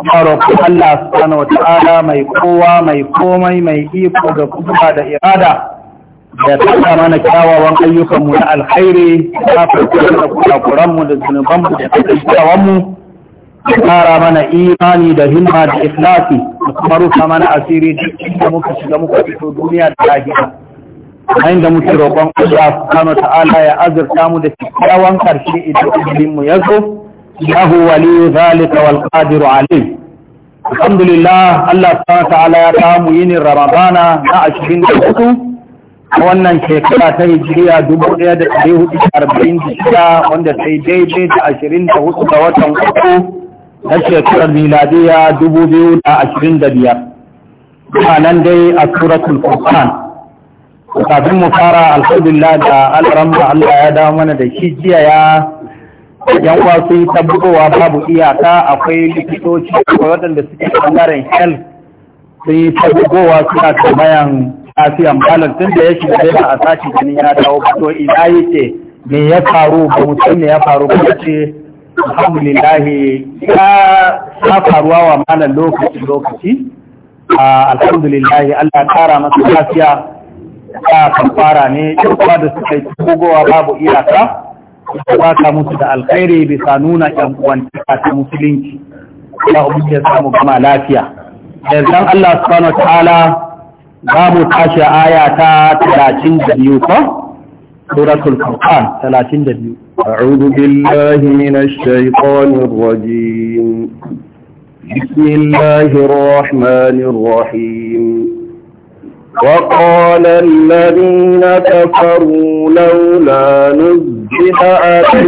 ya Allah subhanahu wa ta'ala mai kowa mai komai mai iko da kuma da irada da taɓa mana kyawawan ayyukanmu na alkhairi ta farko da kurakuranmu da zunubanmu da kyakkyawanmu ta kara mana imani da himma da ikhlasi da kuma rufa mana asiri da muka shiga muka fito duniya da lahira yayin da muke roƙon Allah subhanahu ta'ala ya azurta mu da kyawawan karshe idan ilimin mu ya zo له ولي ذلك والقادر عليه الحمد لله Allah subhanahu ta'ala ya kamu ni Ramadana na 24 a wannan shekara ta Hijriya 1446 wanda sai daidai da 24 ga watan uku na shekarar miladiya 2025 nan dai a suratul Furqan kafin mu fara alhamdulillah da alramma Allah ya dawo mana da shi jiya ya yan uwa sun yi tabbatowa babu iyaka akwai likitoci akwai waɗanda suke ɓangaren hel sun yi tabbatowa suna tambayan asiyan malam tun da ya shiga dai ba a sashi ganin ya dawo fito to ina ce me ya faru ba mutum ne ya faru ba ce alhamdulillah ya faruwa wa malam lokaci lokaci alhamdulillah Allah kara masa lafiya ta fara ne duk da suka yi tabbatowa babu iyaka da baka musu da alkhairi bisa nuna yan uwantaka ta musulunci Allah ubi ya samu gama lafiya yanzan Allah subhanahu ta'ala za mu tashi aya ta 32 ko suratul furqan 32 a'udhu billahi minash shaitanir rajim بسم الله الرحمن الرحيم وقال الذين كفروا لولا نزل عليه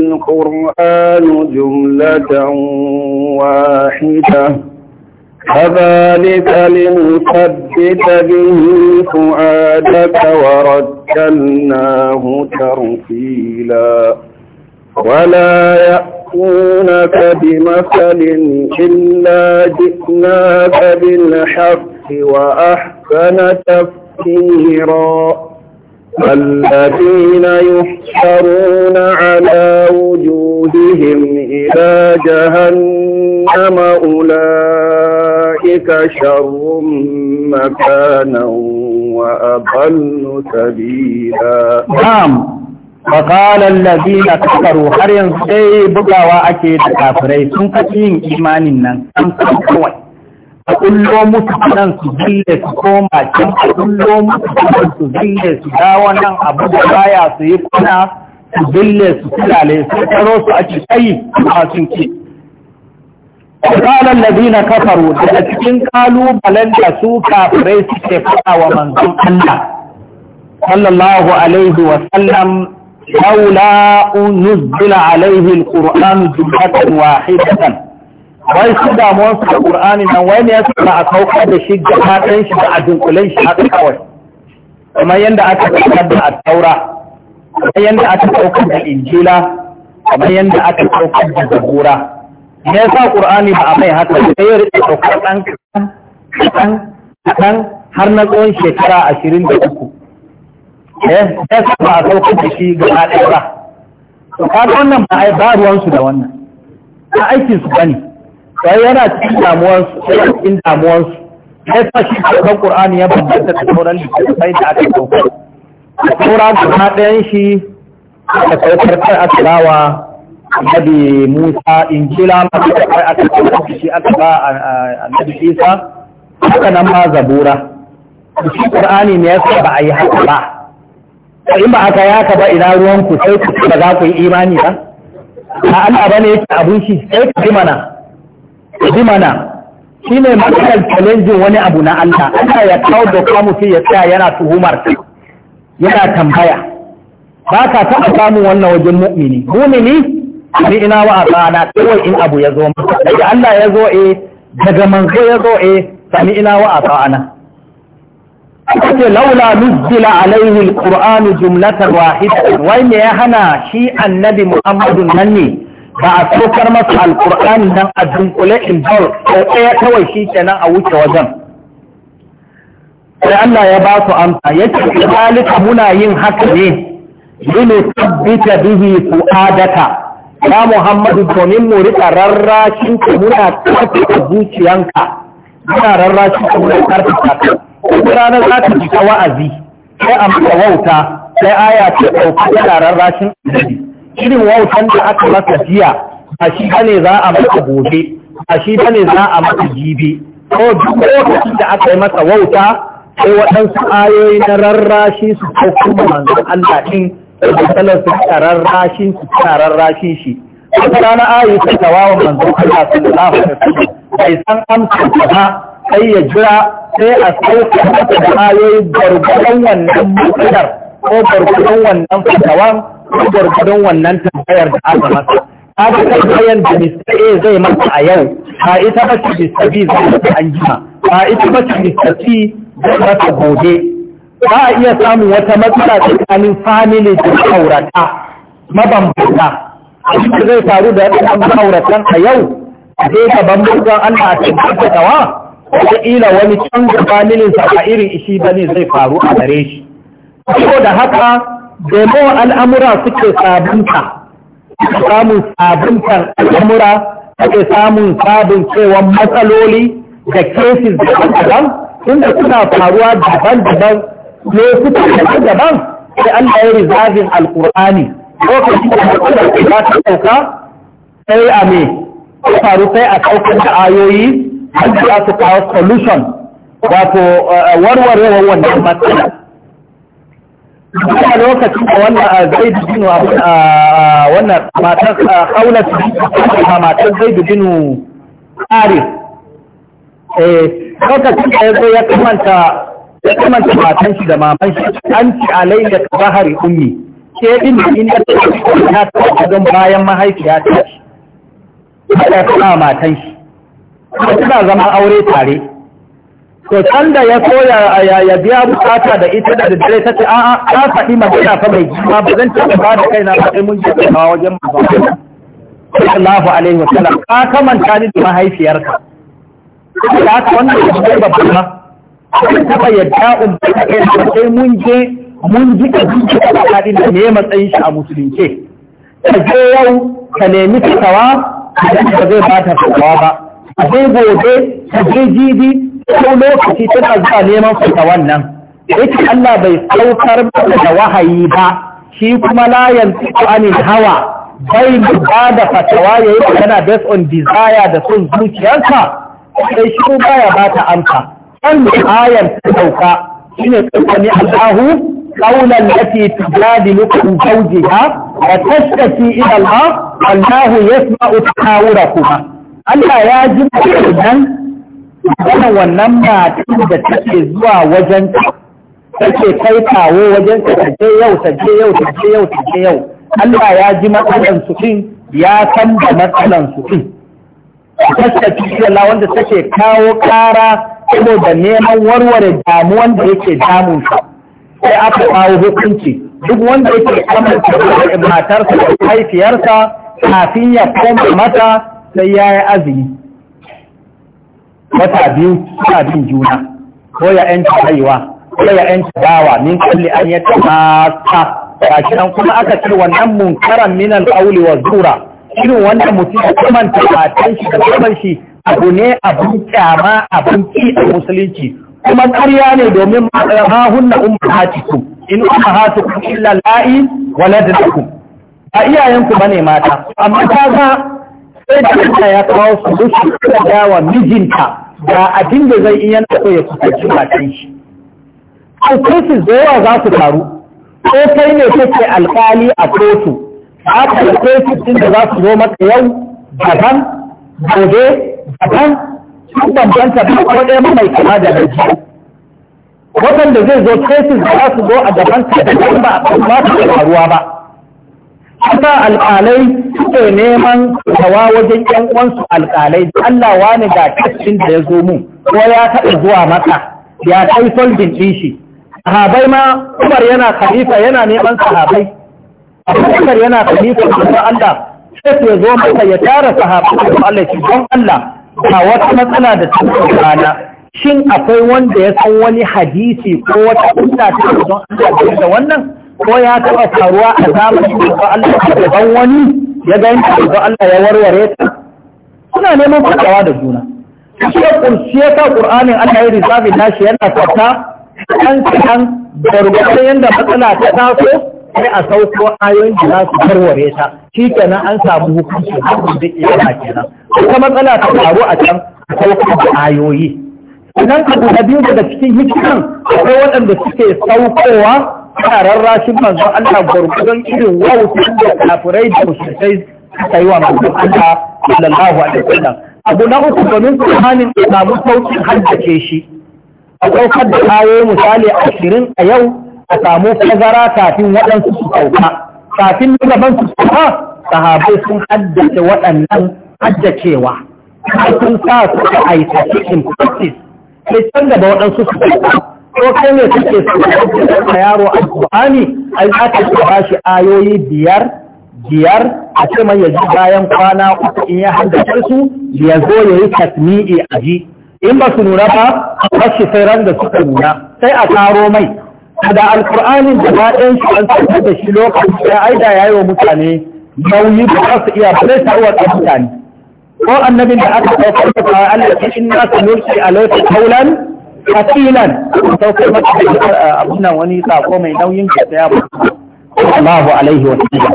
القرآن جملة واحدة كذلك لنثبت به فؤادك ورتلناه ترتيلا ولا يأتونك بمثل إلا جئناك بالحق الحق وأحسن تفسيرا الذين يحشرون على وجوههم إلى جهنم أولئك شر مكانا وأضل سبيلا نعم وقال الذين كفروا har yanzu وأكيد bugawa ake إيماننا kafirai sun a kullo musu nan su zille su koma can a kullo musu nan su zille su dawo nan abu da baya su yi kuna su zille su tilale su taro su a cikai a sun ce Kalan ladina kafaru daga cikin kalubalen da su kafirai suke faɗa wa manzon Allah sallallahu alaihi wa sallam laula unzila alaihi alquran jumlatan wahidatan wai su damuwansu da ƙur'ani nan wai ne ya suna a sauka da shi ga haɗin shi da a dunkulen shi haka kawai kamar yadda aka saukar da taura kamar yadda aka sauka da injila kamar yadda aka sauka da zabura me yasa ƙur'ani ba a mai haka sai ya rike saukar ɗan kaɗan kaɗan har na tsawon shekara ashirin da uku eh ya sa ba a saukar da shi ga haɗin ba to kaga wannan ba a yi ba ruwansu da wannan a aikinsu ba ne sai yana cikin damuwansu yana cikin damuwansu sai sa shi sauran ƙur'ani ya bambanta da sauran littattafai da aka sauka saura guda ɗayan shi aka kai kai aka bawa nabi musa injila ma da kai aka saukar shi aka ba annabi isa haka nan ma zabura shi ƙur'ani ne yasa ba a yi haka ba in ba aka yaka ba ina ruwanku sai ku ba za ku yi imani ba a Allah bane yake abun shi sai ku ji mana bi mana shi ne matsalar challenging wani abu na Allah Allah ya kawo kamu sai ya tsaya yana tuhumar yana tambaya ba ka taɓa samun wannan wajen mu'mini mu'mini ni ina wa azana kawai in abu ya zo masa daga Allah ya zo eh daga manzo ya zo eh sami ina wa azana aka ce laula nuzila alaihi alqur'anu jumlatan wahidatan wai me ya hana shi annabi muhammadun nan ne ba a saukar masa alkur'ani nan a dunkule in bar ko ɗaya kawai shi kenan a wuce wajen sai Allah ya ba su amsa ya ce zalika muna yin haka ne lini tabbita bihi adaka. ya Muhammadu domin mu rika rarrashin ka muna karfafa zuciyanka muna rarrashin ka muna karfafa ka kuma ranar za ta ji wa'azi sai amsa wauta sai aya ce ɗauka yana rarrashin annabi irin wautan da aka masa jiya a shi ne za a masa gobe a shi ne za a masa jibi ko duk da aka yi masa wauta sai waɗansu ayoyi na rarrashi su ko kuma manzon Allah ɗin da su ta rarrashin su ta rarrashin shi wata rana ayi ta tawawa manzon Allah sallallahu alaihi wasallam bai san amsa ba sai ya jira sai a sauka da ayoyi gargaɗan wannan matsalar ko barkudan wannan fatawan ko gwargwadon wannan tambayar da aka masa ta ga bayan da Mr. A zai masa a yau ba ita ba ce Mr. B zai masa an jima ba ita ba ce Mr. C zai masa gobe ba a iya samun wata matsala tsakanin famili da ma'aurata mabambanta abin zai faru da an ma'auratan a yau a zai gaban mugan Allah a cikin dawa Ila wani canza familinsa a irin ishi ba ne zai faru a gare shi. Ko da haka domin al'amura suke sabunta suke samun sabuntar al'amura suke samun sabin cewa matsaloli da cases da daban inda suna faruwa daban-daban suke daban-daban sai Allah ya rizabin alkur'ani lokacin da matsalar ta sauka sai a me ya faru sai a saukar da ayoyi an za su kawo solution wato eh, warwarewar wannan matsalar a lokacin da wannan a ah, zaidu binu a ah, ah, wannan matar kaulat a matar zaidu binu arif eh, lokacin da ya zo ya kamanta ya kamanta matan shi da maman shi an ci alayya ta bahari ummi ke din da ta in ya ta don bayan mahaifiya ta ci ta ta matan shi ta zama aure tare to sanda ya koya ya biya bukata da ita da daddare ta ce a'a ka faɗi magana fa mai jima ba zan taɓa ba da kaina ba sai mun je ba wajen ba sallallahu alaihi wa sallam ka kamanta ni da mahaifiyarka da haka wannan ya zai babban ba ta taɓa yadda in ba da kaina sai mun je mun ji da zuciya da da ne matsayin shi a musulunce ka je yau ka nemi fitawa ba zai ba ta ba a zai gobe ka je jibi ko lokaci tana zuwa neman Fita wannan yake Allah bai saukar da wahayi ba shi kuma layan yantiqu anil hawa bai ba da fatawa yayi tana based on desire da son zuciyarsa sai shi baya ba ta amsa an ayar ta sauka shine tsakani Allahu qawlan lati tujadilukum zawjiha wa tashtaki ila Allah Allahu yasma'u tahawurakum Allah ya ji nan kuma wannan matan da take zuwa wajen take kai kawo wajen ta je yau ta je yau ta je yau ta je yau Allah ya ji matsalan su din ya san da matsalan su din kasta cikin wanda take kawo kara saboda neman warware damuwan da yake damun sa sai aka kawo hukunci duk wanda yake amince da matarsa da haifiyarsa kafin ya koma mata sai ya yi azumi wata biyu suna bin juna ko ya yanta haiwa ko ya yanta dawa min kalli an ya tamata nan kuma aka ce wannan munkaran min al-qawli wa zura irin wanda mutum ya kamanta matan shi da zaman shi abu ne abu kyama abin ki a musulunci kuma ƙarya ne domin ma hunna ummahatikum in ummahatukum illa la'i waladukum a iyayenku bane mata amma kaga sai da ya kawo su su da wa mijinta ga abin da zai iya so ya cin matan shi an kai da yawa za su taru ko kai ne kake alkali a kotu za ka yi din da za su zo maka yau daban gobe daban sun bambanta ba ko ɗaya mai kama da gaji Wadanda zai zo kesis da za su zo a gaban ta da ba a ba su faruwa ba haka alƙalai suke neman rawa wajen ƴan uwansu alƙalai Allah wani ga kashin da ya zo mu ko ya taɓa zuwa maka ya kai solvin ɗin shi sahabai ma Umar yana khalifa yana neman sahabai Abubakar yana khalifa da Allah sai ya zo maka ya tara sahabai da Allah shi don Allah ba wata matsala da ta rana shin akwai wanda ya san wani hadisi ko wata kunta ta don Allah da wannan ko ya taɓa faruwa a zamanin da Allah ya gaban wani ya ga yanki da Allah ya warware ta suna neman fadawa da juna shi ya kursi ya ta Qur'anin Allah ya rizabi nashi yana fata an kan gargada yanda matsala ta taso sai a sauko ayoyin da za su warware ta shi kenan an samu hukunci har da iyaka kenan kuma matsala ta faru a can sauko da ayoyi idan abu na biyu daga cikin hikiman akwai waɗanda suke saukowa ana rarrashin manzon Allah gwargwadon irin wautan da kafirai da mushrikai suka yi wa manzon Allah sallallahu alaihi wasallam abu na uku domin Qur'anin ya samu sauƙin haddace shi a ɗaukar da kawo misali ashirin a yau a samu tazara kafin waɗansu su sauka kafin gaban su sauka sahabai sun haddace waɗannan haddacewa sun sa su aikace in practice sai canza da waɗansu su sauka ko kai ne kake so a yaro alƙur'ani ai za ka ba shi ayoyi biyar biyar a ce mai yaji bayan kwana uku in ya haddace su ya zo ya yi tasmi'i a ji in ba su nuna ba a sai ran da suka nuna sai a taro mai da alkur'ani da ɗayan shi an sanar da shi lokaci ya aida ya yi wa mutane nauyi ba za su iya ba taruwar da mutane ko annabin da aka ɗaukar da Allah in na sanurci a lokacin kaulan kasilan saukar mata da abunan wani sako mai nauyin da ta yabo Allahu alaihi wa sallam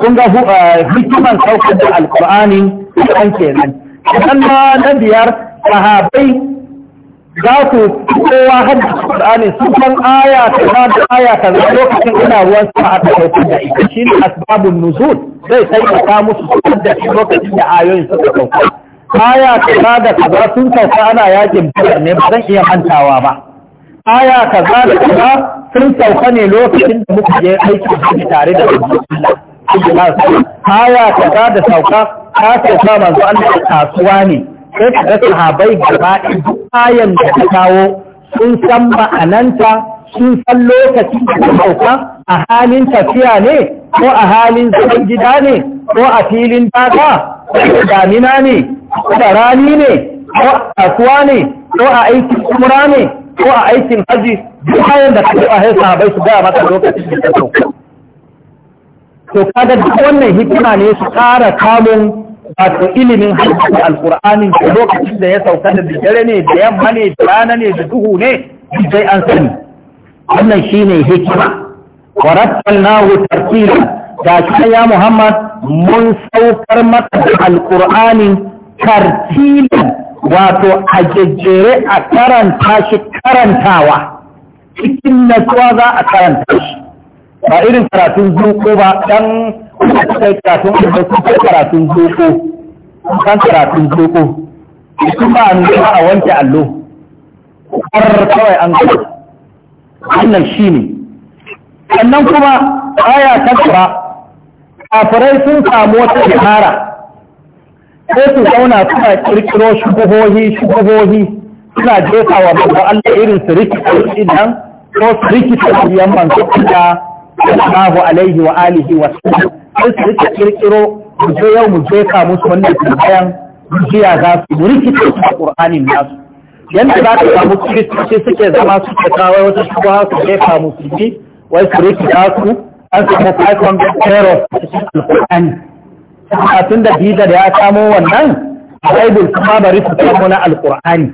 kun ga hikiman saukar da alqur'ani kan kenan ma na biyar sahabai za ku kowa hadda Qur'ani su san aya kaza da aya kaza lokacin ina ruwan sama a ɗauki da ita shi ne asbabun nuzul zai taimaka musu su da lokacin da ayoyin suka ɗauka Kaya kaza da kaza sun sauka ana yakin badar ne ba zan iya mantawa ba aya kaza da kaza sun sauka ne lokacin da muka je aiki hajji tare da Allah aya kaza da sauka ta sauka manzo Allah kasuwa ne sai ka ga sahabbai gaba duk ayan da ta kawo sun san ma'ananta sun san lokacin da ta sauka a halin tafiya ne ko a halin zaman gida ne ko a filin daga ko damina ne da rani ne ko a kasuwa ne ko a aikin umra ne ko a aikin haji duk bayan da kaji a haisa bai su gaya maka lokacin da ta sauka to kaga duk wannan hikima ne su ƙara kamun wato ilimin hadisin alqur'ani da lokacin da ya sauka da dare ne da yamma ne da rana ne da duhu ne dai an sani wannan shine hikima wa rattalnahu tartila da shi ya Muhammad mun saukar maka da tartilan wato a jejjere a karanta shi karantawa cikin natsuwa za a karanta shi ba irin karatun zuko ba dan kai karatun zuko karatun zuko kan karatun zuko su ba an zuwa a wanke allo har kawai an gaba wannan shi ne sannan kuma aya ta kura kafirai sun samu wata shahara sai su zauna suna kirkiro shugabohi shugabohi suna jefa wa babban Allah irin su rikita idan ko su rikita yan manzo Allah sallallahu alaihi wa alihi wa sallam su rikita kirkiro mu je yau mu jefa musu wannan tambayan jiya za su rikita su Qur'anin nasu yanda za ka samu kiristoci suke zama su ke kawai wata shugaba su jefa musu bi wai su rikita su an samu 500 a cikin al a tun da ya samo wannan baibul kuma bari su samu na alkur'ani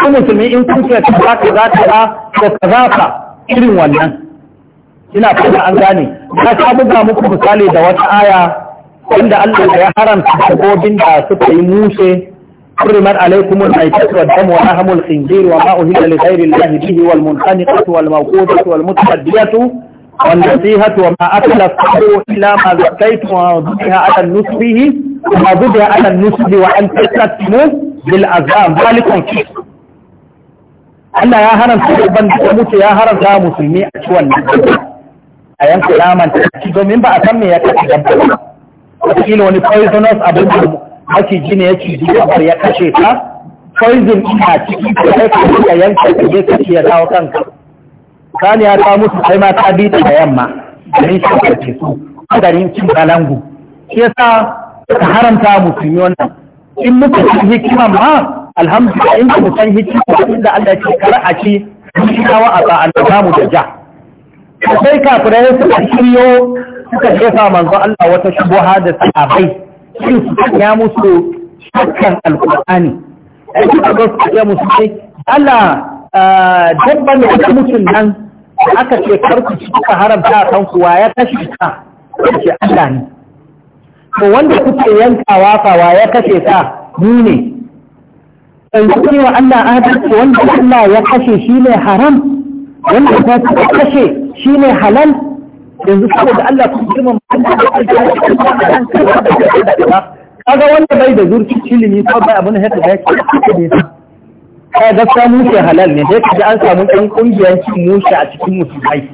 ko musulmi in kun ce kaza kaza kaza ko kaza ka irin wannan ina fata an gane na ta buga muku misali da wata aya wanda Allah ya haramta dabbobin da suka yi mushe حرمت عليكم الميتة والدم ولحم الخنزير وما أهل لغير الله به والمنخنقة والموقودة والمتحدية والنصيحة وما أكل الصبر إلا ما زكيت وما على النصب وما ذبح على النصب وأن تستثموا بالأزام ذلكم فيه Allah ya haramta babban da mutu ya haramta musulmi a ciwon nan a yanku domin ba a san me ya kashe dabba ba wataƙila wani poisonous abin da maciji ne ya ciji kamar ya kashe ta poison ina ciki ta yanka ka ya dawo kanka saniya ta mutu sai ma ta bi da yamma garin shafarce su garin cin kalangu shi yasa ta haramta musulmi wannan in muka san hikima ma alhamdulillah in muka san hikima inda Allah ke kar a ci kawo a ba Allah mu da ja sai kafirai suka shiryo suka jefa manzo Allah wata shubuha da sahabbai shin ya musu shakkan alqur'ani ai suka ga su ya musu sai Allah eh, dabban da mutun nan da aka ce karku kuka haramta a kanku wa ya kashe ka ce Allah ne to wanda kuke yanka wafa wa ya kashe ka ni ne yanzu kun wa Allah adalci wanda Allah ya kashe shi ne haram wanda ta kashe shi ne halal yanzu da Allah kun girma kashe shi ne haram. kaga wanda bai da zurfi ilimi ko bai abin da ya kashe shi ne haram. ka samu mushe halal ne sai kaji an samu ɗan ƙungiyar cin mushe a cikin musulmai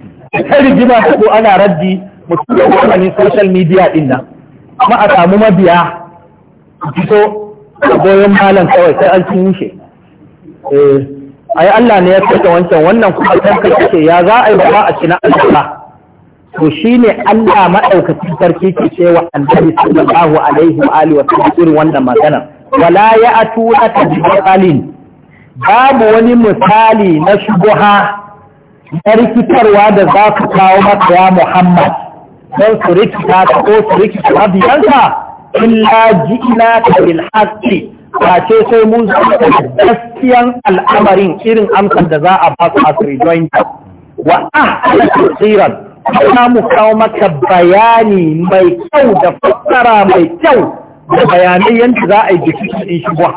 ta rigima ta ko ana raddi musulmai wani social media ɗin nan kuma a samu mabiya fito a goyon malam kawai sai an cin mushe eh, ai Allah ne ya saka wancan wannan kuma kan kai ce ya za a yi ba a cina Allah to shine Allah madaukakin sarki ke cewa annabi sallallahu alaihi wa alihi wa sallam wannan magana wala ya'tuna tajbalin babu wani misali na shubuha na rikitarwa da za ku kawo maka Muhammad don su rikita ka ko su rikita mabiyanka illa ji'ina ka bil haqqi ba ce sai mun zama gaskiyan al'amarin irin amsar da za a ba su as rejoinder wa ahla tafsiran kuma mu kawo maka bayani mai kyau da fassara mai kyau da bayanai yadda za a yi jikin shubuha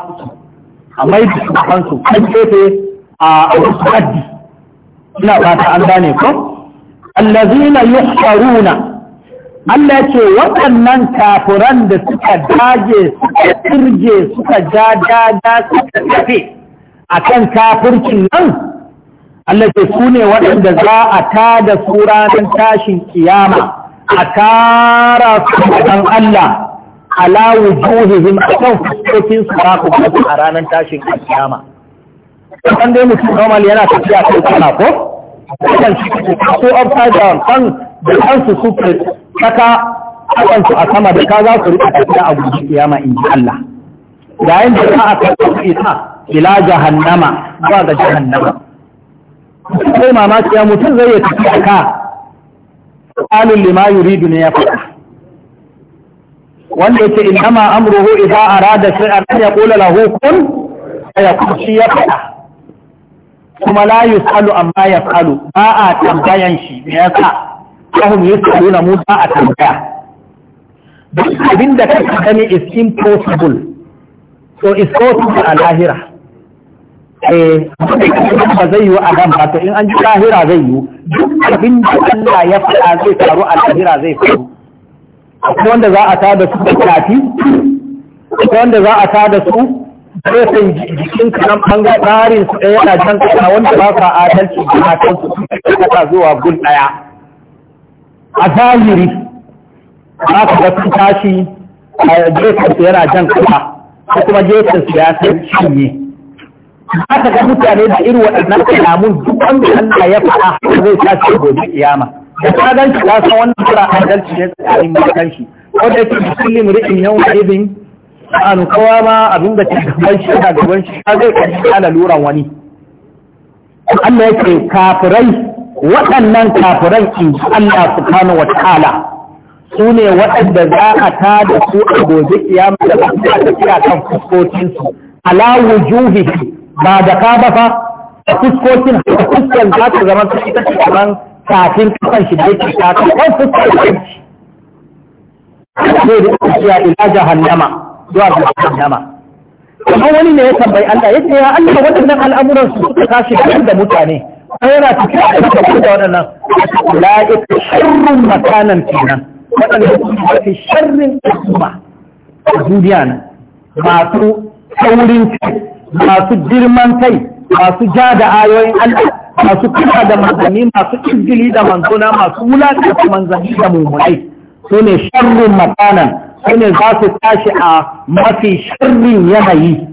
a mai da shugabansu kan kefe a wasu addi. ina fata an gane ko allazina yuhsaruna Allah ce waɗannan tafuran da suka dage suka turje suka ja daga suka tafe a kan kafircin nan Allah ce su ne waɗanda za a tada su ranar tashin kiyama a tara su Allah ala wujuhihim kan fuskokin su ba ku a ranar tashin kiyama kan dai mutum normal yana tafiya kai kana ko kan shi ko upside down kan da kan su saka kan su a sama da ka za su rika tafiya a guji kiyama in ji Allah yayin da za a kai isa ila jahannama zuwa ga jahannama kai mamaki ya mutum zai yi tafiya ka alul lima yuridu ne ya faɗa wanda yake innama amruhu idza arada shay'an an yaqula lahu kun fayakun shi ya faɗa kuma la yusalu amma yafalu ba a tambayan shi me yasa kahum yusaluna mu ba a tambaya duk abin da ka gani is impossible so is possible a lahira eh ba zai yi a gan ba to in an ji lahira zai yi duk abin da Allah ya faɗa zai faru a lahira zai faru akwai wanda za a tada su da kafi akwai wanda za a tada su gefen jikin kanan banga tsarin su ɗaya na jan kasa wanda ba sa adalci da matan su kasa zuwa gun ɗaya a zahiri za ka ga sun tashi a gefen su yana jan kasa ko kuma gefen su ya san cinye za ka ga mutane da irin waɗannan kalamun duk wanda Allah ya faɗa zai tashi gobe kiyama da ka ganci san wannan kira adalci ne tsakanin matan shi ko da yake muslim ri'in yau da ibin an kowa ma abin da ke gaban shi da gaban shi ka zai kashi ana luran wani Allah yake kafirai waɗannan kafirai in Allah subhanahu wa ta'ala su ne waɗanda za a ta da su a gobe kiyama da ba su da kan fuskokinsu ala wujuhihi ba da ka ba fa fuskokin fuskokin za ta zama ta ita ce kafin kafan shi da yake kafin kan fuskar kanci zai da kuciya ila jahannama zuwa ga jahannama kuma wani ne ya tambayi Allah ya ce ya Allah waɗannan al'amuran su suka tashi da mutane ko yana tafiya da kafin da waɗannan la'ika sharrun makanan kenan waɗanda su mafi sharrin al'umma a duniya nan masu saurin kai masu girman kai masu ja da ayoyin Allah masu kula da manzanni masu izgili da manzona masu wulaƙanta manzanni da mummunai su ne sharrin makanan su ne za su tashi a mafi sharrin yanayi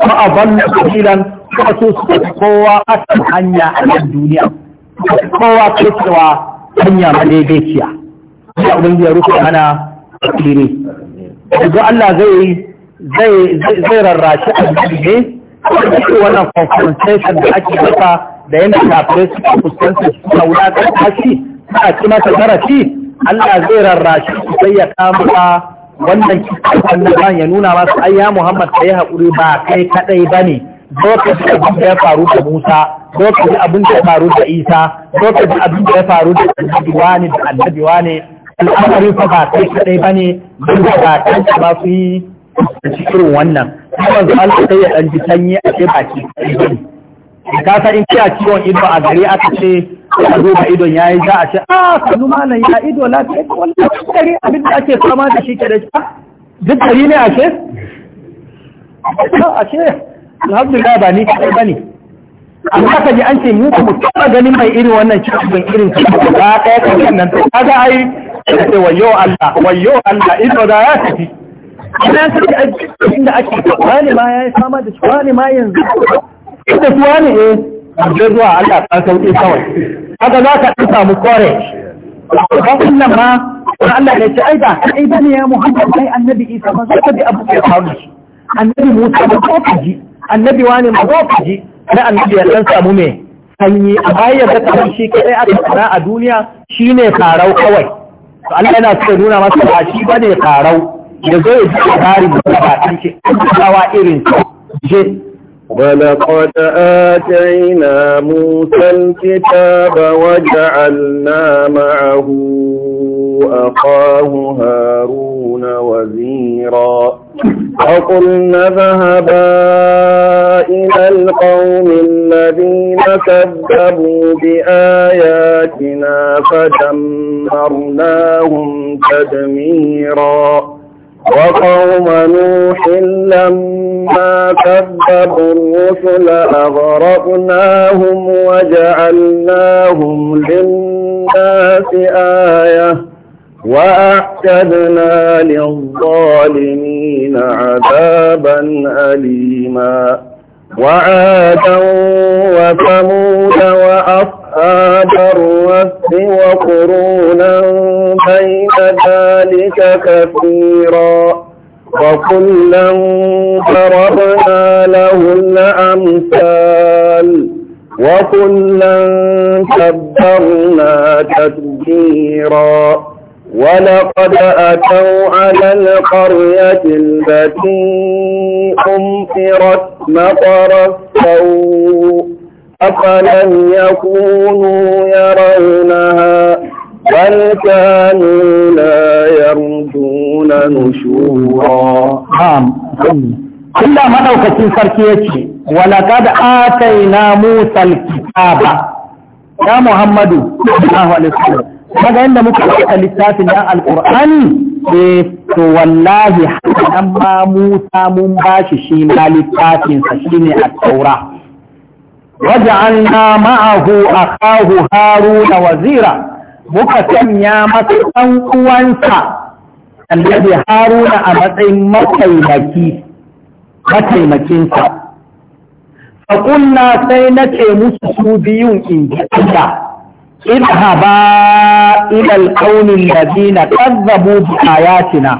ko a balla kabilan ko su su kowa hanya a nan duniya kowa cewa hanya madaidaiciya ya ubangiji ya rufe mana kire. yanzu Allah zai zai zai rarrashi annabi ne wannan confrontation da ake masa da yanda kafirai suka fuskanta suka wulaƙanta shi suka ci masa zarafi Allah zai rarrashi su sai ya kama wannan na, ban ya nuna masu ayya Muhammad sai haƙuri ba kai kadai ba ne lokacin abin da ya faru da Musa lokacin abin da ya faru da Isa lokacin abin da ya faru da Annabi wani da Annabi wani al'amari fa ba kai kadai ba ne duk da ba kan ba su yi cikin wannan kuma Allah sai ya ɗan sanyi a ce baki kaɗai ba ne da kasa in kiya ciwon ido a gari aka ce a duba idon yayi za a ce a ah, kanu malam ya ido lafiya ko wani gari abin da ake fama da shi ke da shi duk gari ne a ce a ce alhamdulillah ba ni kai bane amma ka ji an ce mu ku taba ganin mai irin wannan ciwon irin ka ba ɗaya kan nan to kaga ai ce wayo Allah wayo Allah ido da ya tafi ina san da ake wani ma ya fama da wani ma yanzu da suwa ne eh zuwa Allah ta sauke kawai haka za ka ɗan samu kore ba kullum ma wani Allah ya ce aida ba ne ya Muhammad ai annabi Isa ba za ka bi abu ya faru annabi Musa ba za ka ji annabi wani ma za ka ji na annabi ya ɗan samu me sanyi a bayan da kamar shi kaɗai aka tsara a duniya shi ne karau kawai to Allah yana so nuna masa ba shi ba ne karau ya zo ya ji labarin da ba ɗan ce an irin je ولقد آتينا موسى الكتاب وجعلنا معه أخاه هارون وزيرا فقلنا ذهبا إلى القوم الذين كذبوا بآياتنا فدمرناهم تدميرا وقوم نوح لما كذبوا الرسل أغرقناهم وجعلناهم للناس آية وأعتدنا للظالمين عذابا أليما وعادا وثمود وأصحابا أصحاب الرس وقرونا بين ذلك كثيرا وكلا ضربنا له الأمثال وكلا كبرنا تدبيرا ولقد أتوا على القرية التي أمطرت مطر السوء أفلم يكونوا يرونها بل كانوا لا يرجون نشورا نعم Allah maɗaukacin sarki ya ce, Walakad ataina Musa kitaba ya Muhammadu, Allahu Alaihi Daga yadda muka ɗauka littafin ɗan Al'ur'ani, E, to wallahi, hannun ma Musa mun bashi shima littafinsa shi ne a taura. waja'alna ma'ahu akahu haruna wazira muka sanya masa ɗan uwansa annabi haruna a matsayin mataimaki mataimakinsa faƙulla sai na musu su biyun in ji Allah idhaba ila alqaumin ladina kazzabu bi ayatina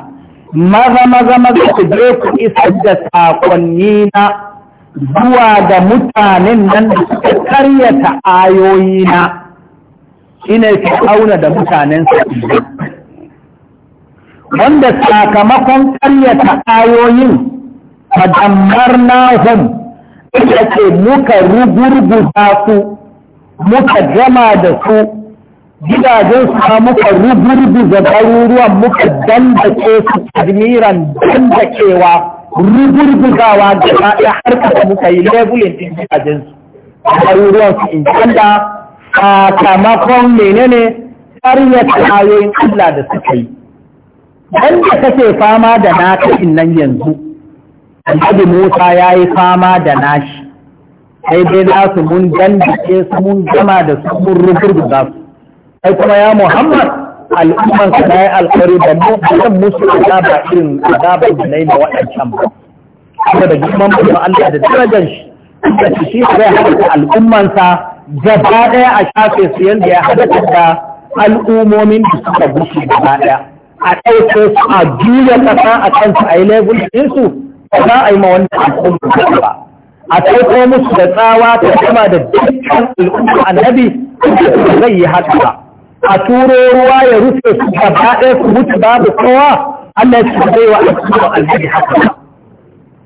maza maza maza ku je ku isa da sakonni zuwa ga mutanen nan da suka karyata ayoyina ina auna da mutanen mutanensa wanda sakamakon karyata ayoyin fadammar nahum ita ce muka rugurguza su muka gama da su gidajen su muka rugurguza garuruwan muka dandace su tadmiran dandacewa rugurgugawa da ɗaya har kasa muka yi labulin ɗin gidajensu a ɗaruruwan su in Allah sakamakon menene ƙaryata ayoyin Allah da suka yi wanda kake fama da naka in nan yanzu annabi Musa ya yi fama da nashi sai dai za su mun dandace su mun gama da su mun rugurguga su sai kuma ya Muhammad al'umman ka na yi da mu kan musu azaba irin azabar da na yi da waɗancan ba kuma da girman mutum Allah da darajar shi da shi shi zai haɗa al'ummansa gaba ɗaya a shafe su yadda ya haɗa da al'ummomin da suka gushi gaba ɗaya a ɗauke su a juya ƙasa a kan su a yi ɗin su, ba za a yi ma wanda al'umma ba a taiko musu da tsawa ta sama da dukkan al'umma annabi zai yi haka ba a turo ruwa ya rufe su gaba ɗaya su mutu babu kowa Allah ya bai wa al'umma al'adu haka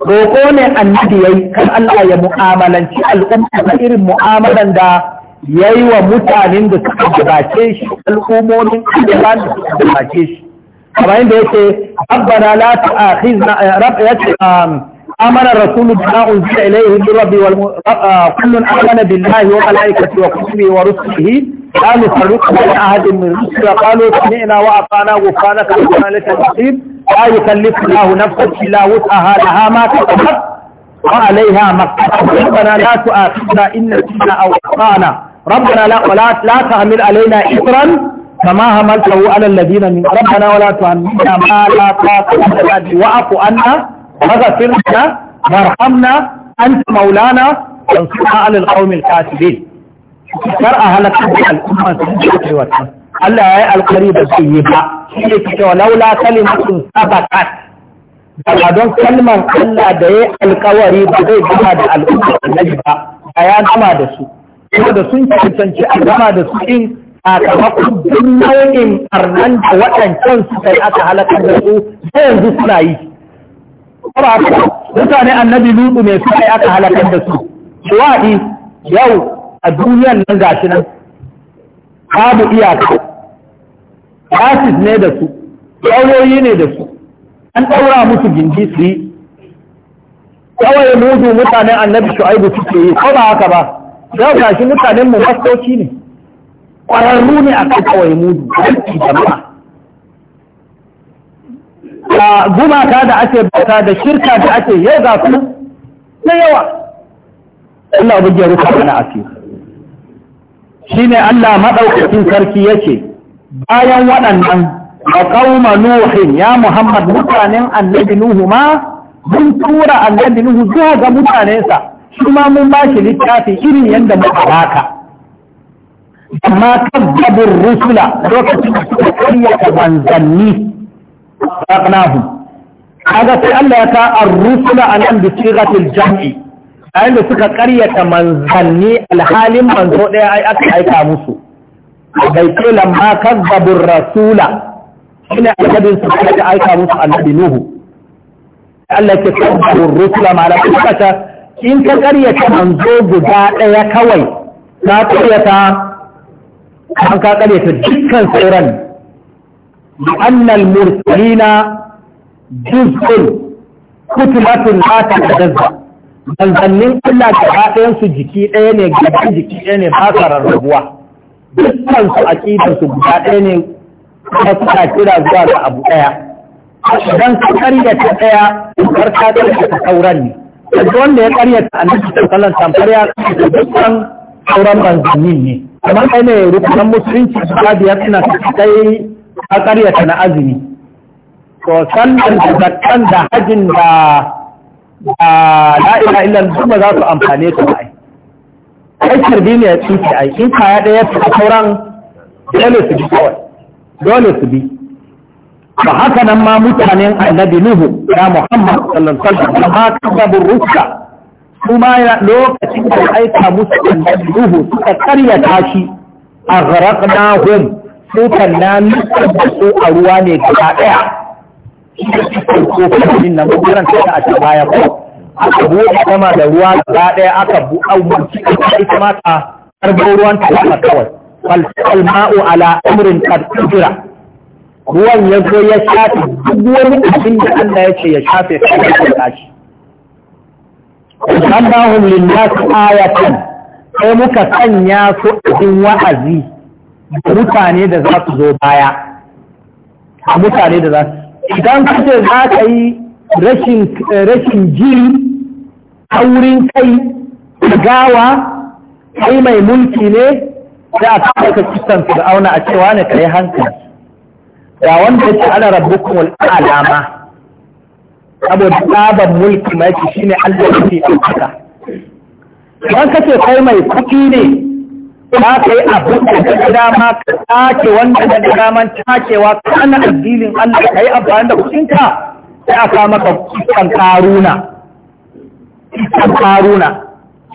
roƙo ne annabi yayi kan Allah ya mu'amalanci al'umma da irin mu'amalan da yayi wa mutanen da suka gabace shi al'ummomin da suka gabace shi kamar yadda yake rabbana la tu'akhizna rabbana آمن الرسول بما أنزل إليه من ربي كل آمن بالله وملائكته وكتبه ورسله لا نفرق بين أحد من رسل قالوا سمعنا وأطعنا غفرانك ربنا لك المصير لا يكلف الله نفسا إلا وسعها لها ما كسبت وعليها ما ربنا لا تؤاخذنا إن نسينا أو أخطأنا ربنا لا ولا لا تحمل علينا إثرا كما حملته على الذين من ربنا ولا تهمنا ما لا طاقة لنا به واعف عنا واغفر لنا وارحمنا أنت مولانا وانصرنا على القوم الكاتبين kar a halatta da al'umma su yi da Allah ya yi alkari da su yi ba shi ne ke cewa laula kalimatun sabakat ba don kalmar Allah da ya yi alkawari ba zai gama da al'umma annabi ba a ya gama da su kuma da sun cancanci a gama da su in sakamakon duk nau'in karnan da waɗancan su kai aka halatta da su sai yanzu suna yi. Mutane annabi lutu ne su kai aka halatta da su. Shuwaɗi yau a duniyan nan gashi nan babu iyaka basis ne da su ɗauroyi ne da su an ɗaura musu gindi su yi kawai mudu mutanen annabi shu'aibu suke yi ko ba haka ba za gashi shi mutanen mu mastoci ne ƙwararru ne a kai kawai mudu aiki jama'a a gumaka da ake bauta da shirka da ake yau ga su na yawa Allah bugiyar rufa mana asiri Shi ne Allah maɗaukacin sarki yace bayan waɗannan wa qauma nuhin ya Muhammad mutanen annabi nuhu ma mun tura annabi nuhu zuwa ga mutanensa shi ma mun ba shi littafi irin yadda muka baka amma kabbabin rusula lokacin da suka karyata manzanni raqnahum kaga sai Allah ya ta rusula anan bi sighatil jam'i a da suka karyata manzanni alhalin manzo ɗaya ai aka aika musu bai ce lamma kazzabur rasula shine annabin su aka aika musu annabi nuhu Allah ke kazzabur rusula mala kuka in ka karyata manzo guda ɗaya kawai na karyata an ka karyata dukkan sauran annal mursalina juz'un kutlatun la ta'tazza manzannin Allah gaba ɗayan jiki ɗaya ne gaban jiki ɗaya ne ba sa rarrabuwa dukkan su aqidar su guda ɗaya ne su ka kira zuwa ga abu ɗaya idan ka karyata ɗaya kar ka ta sauran ne yanzu wanda ya karyata annabi sallallahu alaihi wasallam ya karyata dukkan sauran manzannin ne kamar kai ne rukunan musulunci guda biyar suna kai a karyata na azumi to san da zakkan da hajin da a la'ila illan duk za su amfane su ba ai tarbi ne ya tsinci ai in kaya ɗaya su a sauran dole su bi kawai dole su bi ba haka nan ma mutanen annabi nuhu ya muhammad sallallahu alaihi wasallam ma kasabu rusa kuma lokacin da aika musu annabi nuhu suka karya tashi a gharaqnahum sukan na nufin da su a ruwa ne gaba ɗaya kofofin nan kuran ta a ta baya ko aka buɗe sama da ruwa gaba ɗaya aka buɗe aka ita ma ta karbar ruwan ta ta kawai falsal ma'u ala amrin qad ruwan ya zo ya shafe duk wani abin da Allah ya ce ya shafe ta da kashi Allahum linnas ayatan sai muka sanya su cikin wa'azi mutane da za su zo baya mutane da za su idan kace za ka yi rashin jini a wurin kai gawa kai mai mulki ne sai a kawo ka kisan fir'auna a cewa ne yi hankali da wanda ce ana rabbukum alama saboda tsaban mulki mai shine Allah yake ɗaukaka. Wani kace kai mai kuɗi ne za ka yi abin da ka ga dama ka take wanda ka ga daman takewa kana addinin Allah ka yi amfani da kuɗinka sai a kama ka kan karuna kan karuna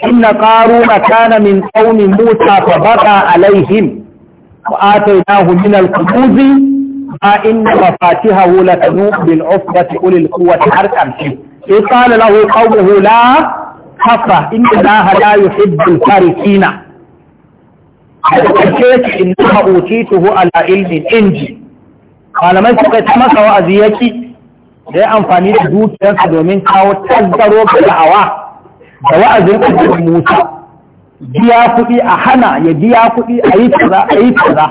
inna karuna kana min qaumi Musa fa baqa alaihim wa atainahu min al-kunuz ma inna mafatihahu latanu bil usbati ulil quwwati har shi. sai qala lahu qawmuhu la inda za a la yuhibbul farikina da ki ce in na tuhu inji malamai suka ta masa wa'azi yaki da ya amfani da dukiyarsa domin kawo tazzaro ga da'awa da wa'azin ajiyar musa biya kuɗi a hana ya biya kuɗi a yi kaza a yi kaza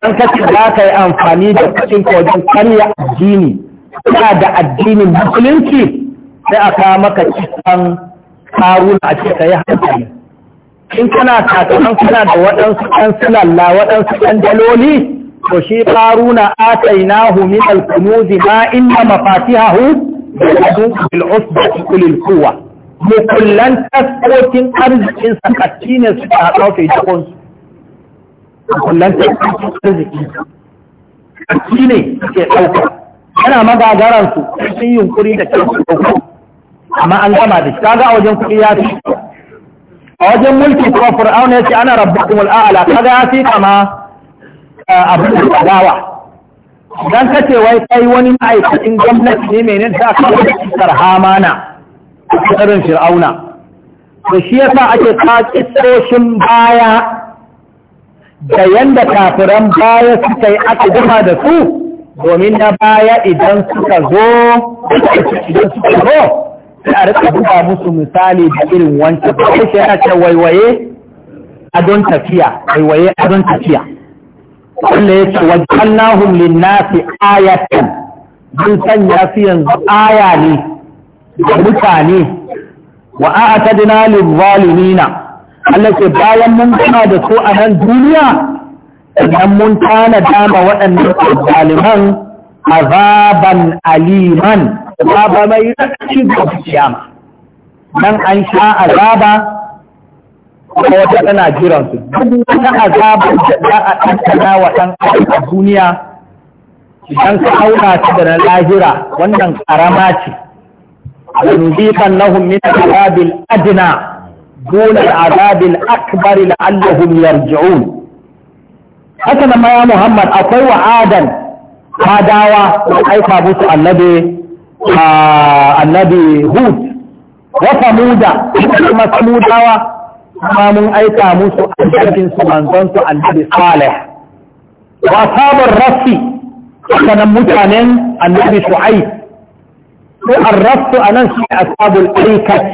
kashi za ka yi amfani da kashin wajen karya addini kuma da addinin musulunci sai a kawo maka cikin karuna a cikin ta yi hankali in kana kakaman kana da waɗansu ɗan silalla waɗansu ɗan daloli to shi ƙaruna atainahu na al-kunuzi ma inna da yadu bil da ulil quwwa mukullan taskokin arzikin sa kacci ne su ta kauce jikon su mukullan taskokin arzikin sa kacci ne suke ɗauka yana magagaransu sun sun yunkuri da kyau su ɗauka amma an gama da shi ga a wajen kuɗi ya fi a wajen mulki kuma fir'aun ya ce ana rabbukum al'ala kaga ya fi kama eh, abu da dawa dan kace wai kai wani ma'aikacin gwamnati ne menene ta ka sarhamana irin fir'auna da shi yasa ake kakistoshin baya da yanda kafiran baya suka yi aka gama da su domin na baya idan suka zo idan suka zo sai a rika buga musu misali da irin wancan ba sai yana ce waiwaye a don tafiya waiwaye a don tafiya wanda ya ce ayatan sanya su yanzu aya ne ga mutane wa a'tadna lil-zalimina Allah ce bayan mun gama da su a nan duniya idan mun tana dama waɗannan zaliman azaban aliman azaba mai rashi da kiyama nan an sha azaba ko ta tana jiran su duk wata da za a ɗanɗana wa ɗan a duniya idan ka auna ta da na lahira wannan ƙarama ce ونذيقن لهم من العذاب الأدنى دون العذاب الأكبر لعلهم يرجعون haka nan maya Muhammad akwai wa Adam Adawa da aika musu annabi annabi hud wa muda, masu mudawa. kuma mun aika musu annabin su manzon su annabi salih wa sabon rafi sanan mutanen annabi shu'aib ko a nan shi a sabon aikat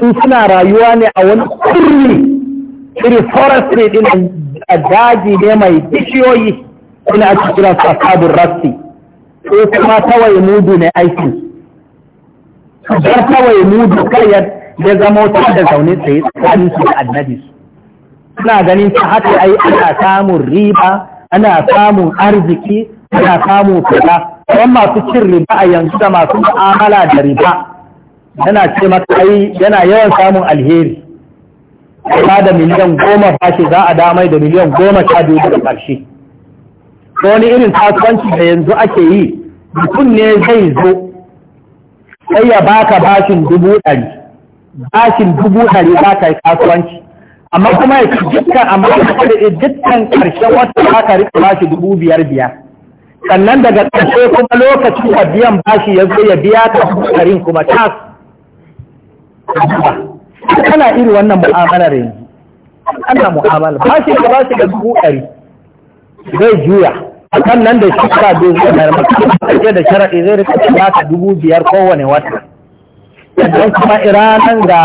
su suna rayuwa ne a wani kurmi irin forestry din daji ne mai bishiyoyi ina ake kira su sabon rafi ko kuma kawai mudu ne aikin don kawai mu dokar ya zama ta da zaune tsaye tsakanin su da annabi suna ganin ta haka ai ana samun riba ana samun arziki ana samun fita. don masu cin riba a yanzu da masu mu'amala da riba yana ce maka ai yana yawan samun alheri ba da miliyan goma bashi za a damai da miliyan goma sha biyu daga ƙarshe wani irin kasuwanci da yanzu ake yi mutum ne zai zo sai ya baka bashin dubu ɗari bashin dubu ɗari za ka yi kasuwanci amma kuma ya dukkan amma dukkan ƙarshen wata za ka riƙa bashi dubu biyar biyar sannan daga ƙarshe kuma lokacin da biyan bashi ya zo ya biya ta dubu kuma tas kana iri wannan mu'amalar yanzu ana mu'amala bashi ka bashi da dubu ɗari zai juya akan nan da shi biyu zai mayar maka da sharaɗi zai rika ta dubu biyar kowane wata sannan kuma iranan da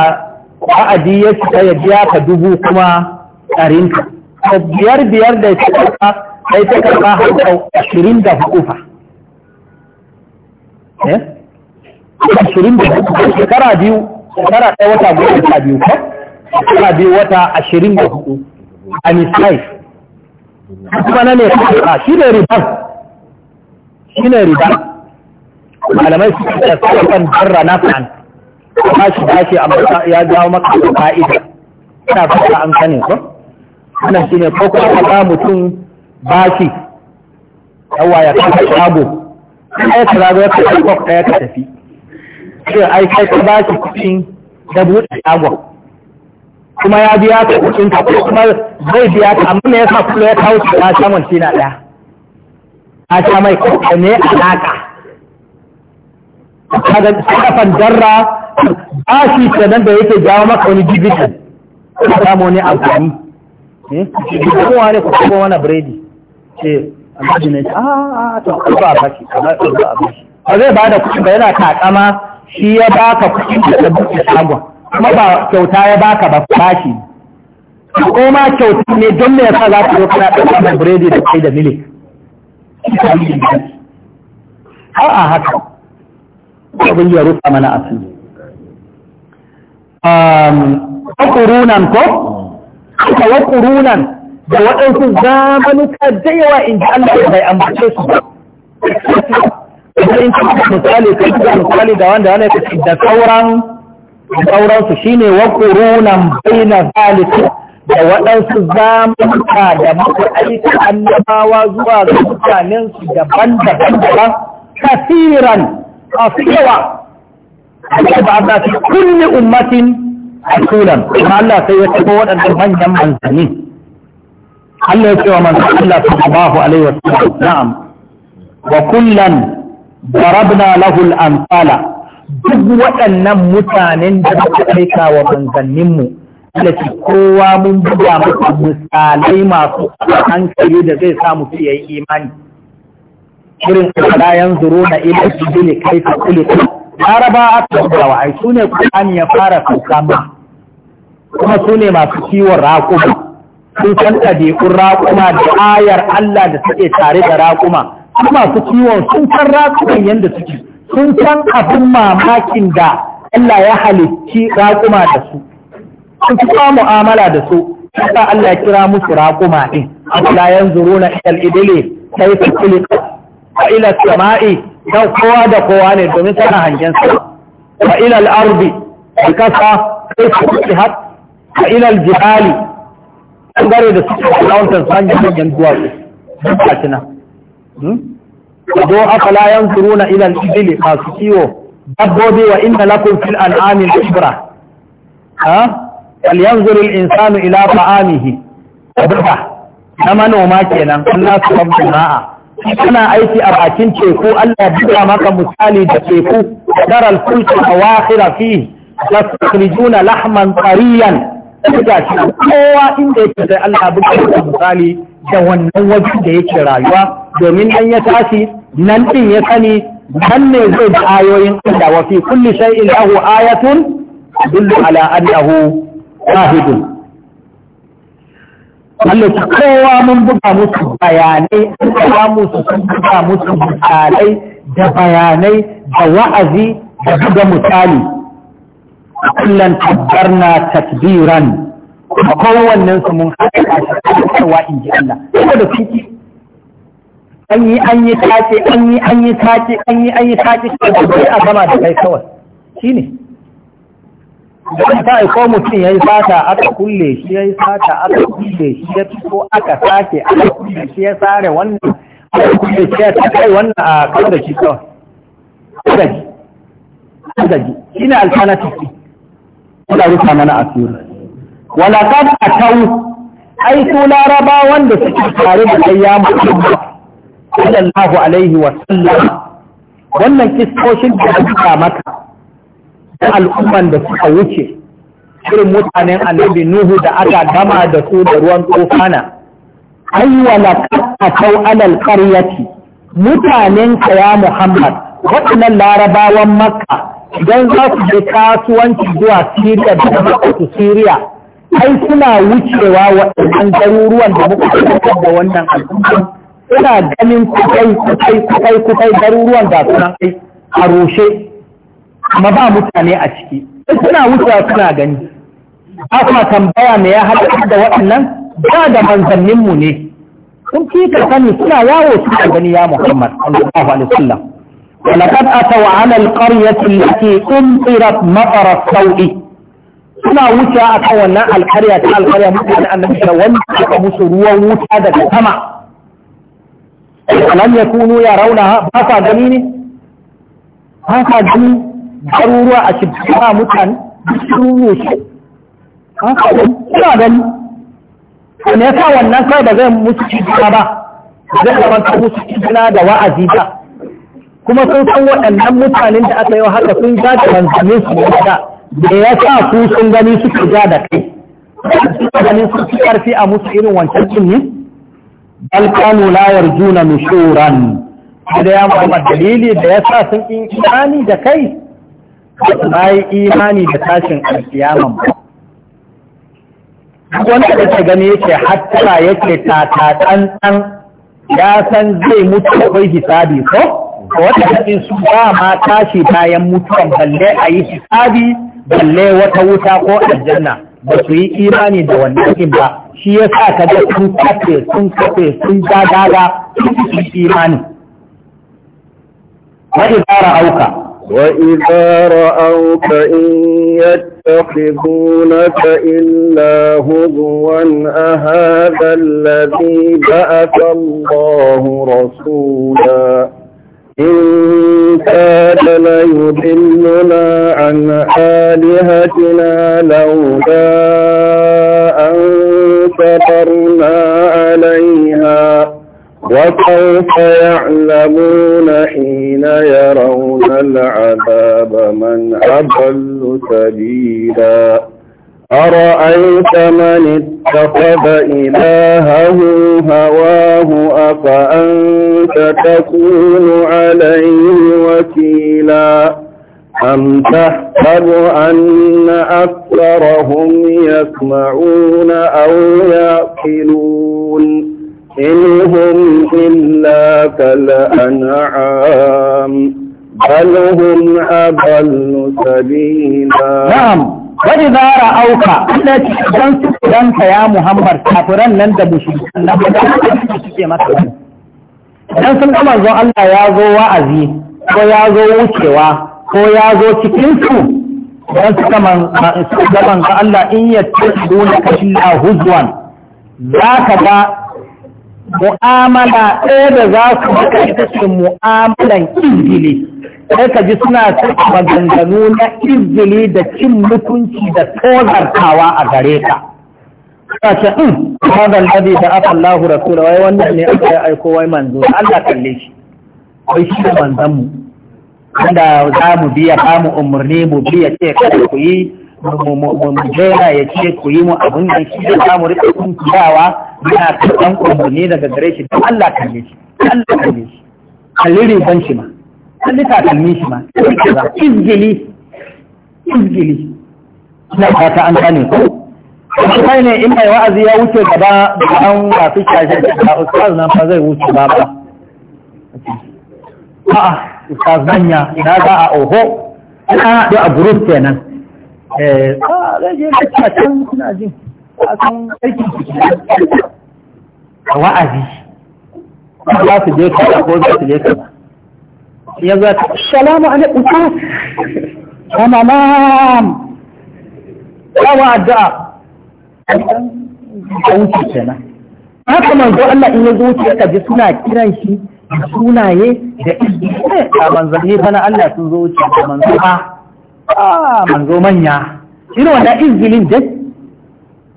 wa'adi ya shiga ya biya ka dubu kuma ka to biyar biyar da shi ka sai ta karɓa har sau ashirin da hudu fa eh? ashirin da hudu shekara biyu shekara ɗaya wata goma sha biyu ko shekara biyu wata ashirin da hudu a misali kuma ne a ah, shi ne ba shi ne riban malamai su da sarrafan darra na fa'an shi ba shi amma ya jawo maka da fa'ida ina fata an kane ko wannan shi ne ko kuma ka mutum bashi yawa ya kasa shago ai ka zago ya kasa kwak ɗaya ka tafi sai ai kai ka bashi kuɗin da buɗe shagon kuma ya biya ka kuɗin ka kuma zai biya ka amma me yasa kullu ya kawo ta samun tina ɗaya. a ta mai kuɗi ne alaka kaga kafan darra ba bashi kenan da yake jawo maka wani dividend ka samu wani amfani eh kuma ne ko kuma wani biredi ce amma ne a a to ba baki ba ba baki ba zai ba da kuɗi ba yana takama shi ya baka kuɗin da ka buƙe shagon kuma ba kyauta ya baka ba bashi ko ma kyauta ne don me yasa za ka zo kana ɗaukar da biredi da kai da milik a'a haka abin ya rufa mana asali kurunan ko suka kurunan da waɗansu zamanuka da yawa in ji Allah ya bai ambace su ba in ka misali ka misali da wanda wani ya da sauran da sauransu shine wa qurunan baina zalika da waɗansu zamanka da aiki aika annabawa zuwa ga mutanen su daban-daban daban kasiran a yawa ba Allah fi kulli ummatin sunan kuma Allah sai ya tabo waɗannan manyan manzanni Allah ya ce wa manzan Allah sallallahu alaihi wasallam na'am wa kullan darabna lahul amsala duk waɗannan mutanen da suka aika wa manzanninmu da ce kowa mun buga musu misalai masu hankali da zai samu su imani irin kada yanzu rona ila ne kai ta kulita laraba aka buga wa ai sune qur'ani ya fara kuka ma kuma sune masu kiwon raƙuma sun san ɗabi'un raƙuma da ayar Allah da suke tare da raƙuma kuma masu kiwon sun san raƙuman yadda suke sun san abin mamakin da Allah ya halicci raƙuma da su sun fi mu'amala da su yasa Allah ya kira musu raƙuma din la yanzuruna ila al-ibli kayfa khuliqat A ila samai don kowa da kowa ne domin tana hangen sa A ila Arbi, a kasa kayfa khuliqat wa ila al-jibali an gare da su kawuntan san hangen duwatsu ba do afala yanzuruna ila al-ibli masu kiwo dabbobi wa inna lakum fil an'ami ibra ha wal yanzuru al-insanu ila ta'amihi dabba na manoma kenan Allah subhanahu wa kana aiki a bakin teku Allah buga maka misali da teku daral fulka awakhira fihi tasrijuna lahman tariyan daga kowa inda yake da Allah buga maka misali da wannan waje da yake rayuwa domin dan ya tashi nan ɗin ya sani nan ne zai da ayoyin Allah wa fi kulli shay'in lahu ayatun dullu ala annahu wahidun Allah ta kowa mun buga musu bayanai, an kowa musu sun buga musu misalai da bayanai da wa'azi da buga misali. Kullum tabbarna tatbiran, a kowannensu mun haɗa a cikin in ji Allah. da ciki an yi an yi tace an yi an yi tace an yi an yi tace sai a sama da kai kawai shine dan ta ko mutum yi sata aka kulle shi yi sata aka kulle shi ya ko aka sake aka kulle shi ya sare wannan aka kulle shi ya kai wannan a kan da shi kawai gaji gaji shine alternative Allah rufa mana asiri wala kad atau ai su larabawan da suke tare da kai ya mutum sallallahu alaihi wa sallam wannan kiskoshin da aka maka da al'umman da suka wuce irin mutanen annabi nuhu da aka gama da su da ruwan tsofana aiwala a sau alal karyati mutanen Kaya muhammad waɗannan larabawan makka don za su je kasuwanci zuwa siriya da kuma su siriya ai suna wucewa waɗannan garuruwan da muka da wannan al'umma ina ganin kukai kukai kukai kukai garuruwan da suna kai a rushe Kuma ba mutane a ciki suna wucewa suna gani ba kuma tambaya me ya haɗa da waɗannan ba da manzanninmu ne sun fi ka sani suna yawo suna gani ya muhammad sallallahu alaihi wasallam ولقد أتوا على القرية التي أمطرت مطر السوء suna wuce a kan wannan alkarya ta alkarya mutane annabi da wanda aka musu ruwan wuta daga sama alam yakunu rauna, ba sa gani ne ba sa gani garuruwa a cikin mutane sun shi ba sa gani suna gani to ne yasa wannan kai ba zai musu cikin ba zai zama ta musu cikin da wa'azi ba kuma sun san waɗannan mutanen da aka yi wa haka sun ja da manzannin su da da ya sa su sun gani suka ja da kai sun ganin fi ƙarfi a musu irin wancan cin ne bal kanu la yarjuna nushuran da ya dalili da yasa sun yi imani da kai ba yi imani da tashin alkiyaman ba wanda da ta gani yake hatta yake tata tsantsan ya san zai mutu akwai hisabi ko wata cikin su ba ma tashi bayan mutuwan balle a yi hisabi balle wata wuta ko aljanna ba su yi imani da wannan ba shi ya sa ka ga sun kafe sun kafe sun ja daga sun imani wa idza ra'auka wa idza ra'auka in yattakhidunaka illa hudwan ahadha alladhi ba'atha Allahu rasula إن كاد ليضلنا عن آلهتنا لولا فقرنا عليها وسوف يعلمون حين يرون العذاب من أضل سبيلا أرأيت من اتخذ إلهه هواه أفأنت تكون عليه وكيلا أم تحسب أن أكثرهم يسمعون أو يعقلون إن هم إلا كالأنعام بل هم أضل سبيلا نعم وإذا رأوك التي أنت أنت يا محمد كافرا لن تبشركن لن sun ga manzon Allah ya zo wa'azi ko ya zo wucewa ko ya zo cikin su don suka gaban ga Allah in ya tsaduna ka a huzwan za ka ga mu'amala ɗaya da za su maka ita ce mu'amalan izgili sai ka ji suna maganganu na izgili da cin mutunci da tozartawa a gare ka suna ce in hmm, hadal hadi da aka Allah tura wai wannan ne aka yi aiko wai manzo Allah kalle shi wai shi da manzon mu wanda za mu biya ba mu umarni mu biya ce kada ku yi mu jera ya ce ku yi mu abin da shi da za mu rika kunkiyawa muna karɓan umarni daga gare shi don Allah kalle shi Allah kalle shi kalli riban shi ma kalli kalli shi ma izgili izgili na ta an sani ko kai ne in mai wa'azi ya wuce gaba da an wasu shashe da ustaz na fa zai wuce ba ba a'a ustaz manya ina za a oho ina haɗu a group kenan eh, a zai je da can kuna a san aiki a wa'azi za su je kaza ko za su je kaza ya za ta salamu alaikum ustaz kama mam yawa addu'a a wuce kenan haka manzo Allah in ya zo wuce ka ji suna kiran shi sunaye da eh, a manzanni bana Allah sun zo wuce da manzo ba a manzo manya irin wannan izinin da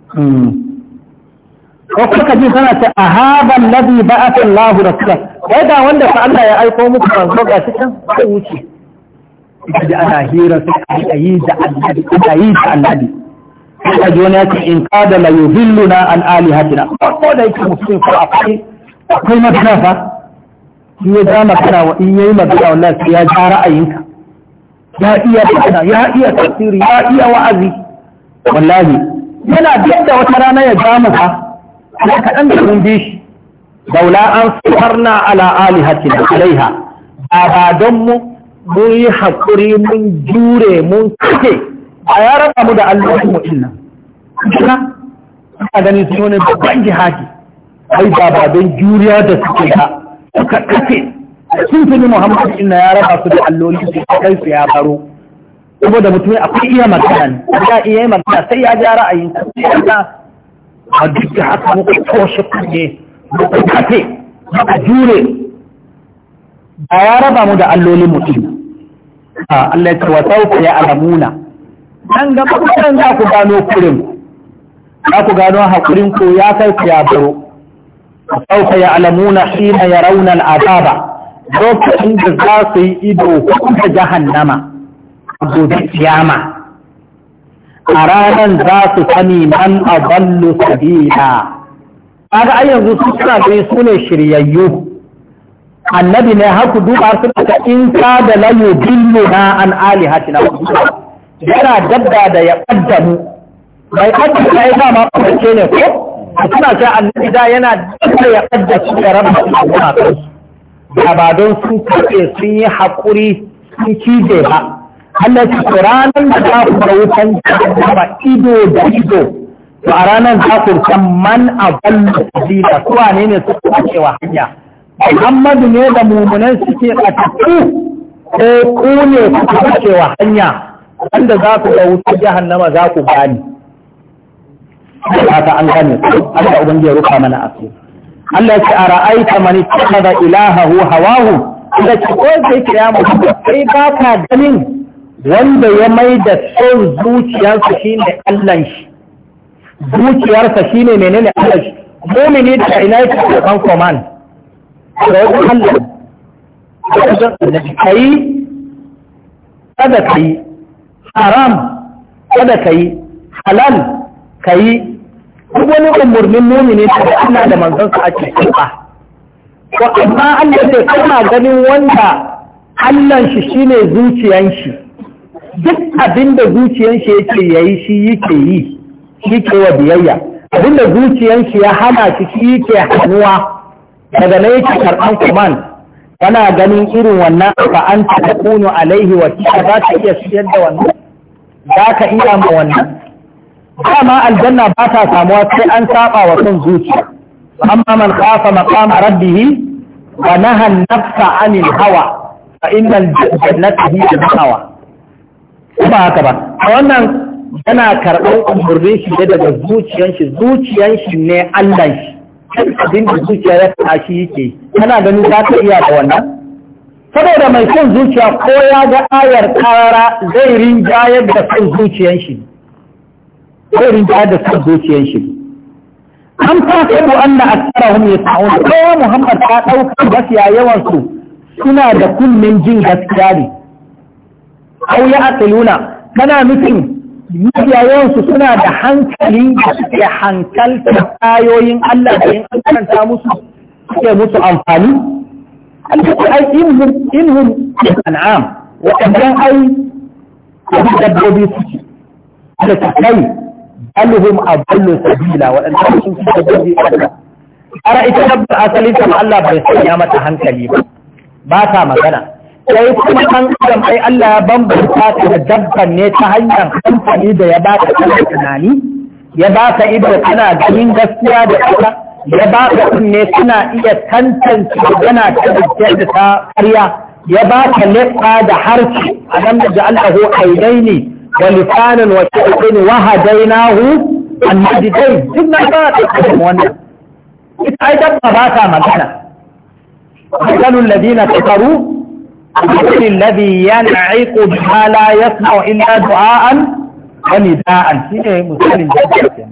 hmm. ko kuka ji sana ta ahaban ladhi ba'atha Allah rasulan wai da wanda fa Allah ya aiko muku manzo ga cikin sai wuce da ana hira sai a yi da Allah a yi da annabi sai ji wani yake in kada la yudilluna an alihatina ko da yake mutum ko akwai akwai nafa. in ya ja magana wa in yayi magana wallahi sai ya ja ra'ayinka ya iya magana ya iya tafsiri ya iya wa'azi wallahi yana duk da wata rana ya ja masa sai kaɗan da mun bi shi daula an safarna ala da alaiha a mu mun yi haƙuri mun jure mun kake a ya raba mu da allohin mu inna kana ganin sun wani babban jihadi ai ba ba juriya da suke da suka kace sun fi inna ya raba su da alloli su kai baro saboda mutum akwai iya magana ya iya magana sai ya ja ra'ayin sai ya ga a duk da haka muka toshe kunne muka kace mu da allolin mutum a Allah ta wasauka alamuna an gaba kan ku gano kurin za ku gano hakurin ko ya kai baro sauka ya alamuna hina ya raunar azaba lokacin da za su yi ido kuma jahannama gobe kiyama a ranar za su sani man aballu sabila kaga ai yanzu su suna da su ne shiryayyu annabi ne haku duba su ta in ka da layu billu na an alihatina yana dabba da ya Mai bai kaddamu sai dama kwace ne ko a suna ta annabi da yana da ya kadda su da rabba Allah da ba don sun kace sun yi hakuri sun kije ba Allah ta ranar da za ta fara wutan ba ido da ido to a ranar za ku san man aballu sabila su wane ne su kace wa hanya Muhammadu ne da mumunan suke tsakatu ko ku ne kuka kace wa hanya wanda za ku ga wutar jahannama za ku gani haka an gane su. Allah ubangiji ya rufa mana asiri Allah ya ce a ra'aita man ittakhadha ilahahu hawahu da ce ko sai kiyama sai ba ka ganin wanda ya mai da son zuciyarsa shine Allah shi zuciyarsa shine menene Allah shi mumini da ina yake karban command da wani Allah kai kada kai haram kada kai halal kai duk wani umurnin mumini da Allah da manzansa ake karɓa Ko amma Allah sai kama ganin wanda Allah shi shine zuciyan shi duk abin da zuciyan shi yake yayi shi yake yi shi ke wa biyayya abin da zuciyan shi ya hana shi shi yake hannuwa daga na yake karɓan kuman kana ganin irin wannan fa an ta kunu alaihi wa za ka iya siyar da wannan za ka iya ma wannan dama aljanna ba ta samuwa sai an saba wa son zuciya amma man khafa maqam rabbih wa naha an-nafsa 'anil hawa fa innal jannata hiya al-hawa ba haka ba wannan yana karɓar umurnin shi ne daga zuciyan shi zuciyan shi ne Allah shi abin da zuciya ya ta shi yake kana ganin za ka iya da wannan saboda mai son zuciya ko ya ga ayar kara zai rinjayar da son zuciyan shi zai rinja da kan zuciyar shi an fasa ko an da asara hun ya sa'o da kowa muhammad ta ɗauka gaskiya yawan su suna da kunnen jin gaskiya ne au ya asaluna kana nufin mafiya yawan su suna da hankalin da suke hankalta ayoyin Allah da yin karanta musu suke musu amfani alkaci ai inhum inhum an'am waɗannan ai dabbobi suke da kai alhum adallu sabila waɗanda sun fi dabbobi Allah ara ita dabbar asalin ta Allah bai sanya mata hankali ba ba ta magana sai kuma an adam ai Allah ya bambanta ta da dabban ne ta hanyar hankali da ya ba ta tunani ya ba ta ido tana ganin gaskiya da ita ya ba ta kunne tana iya tantance magana ta da ta karya ya ba ta leɓa da harshe a nan da ja'alahu ainaini wa lisanan wa ta'in wa hadainahu annajidai duk na ba ta kuma wannan ita ai dabba ba ta magana maganun ladina kafaru الذي الذي ينعق بما لا يسمع إلا دعاء ونداء شيء مسلم جدا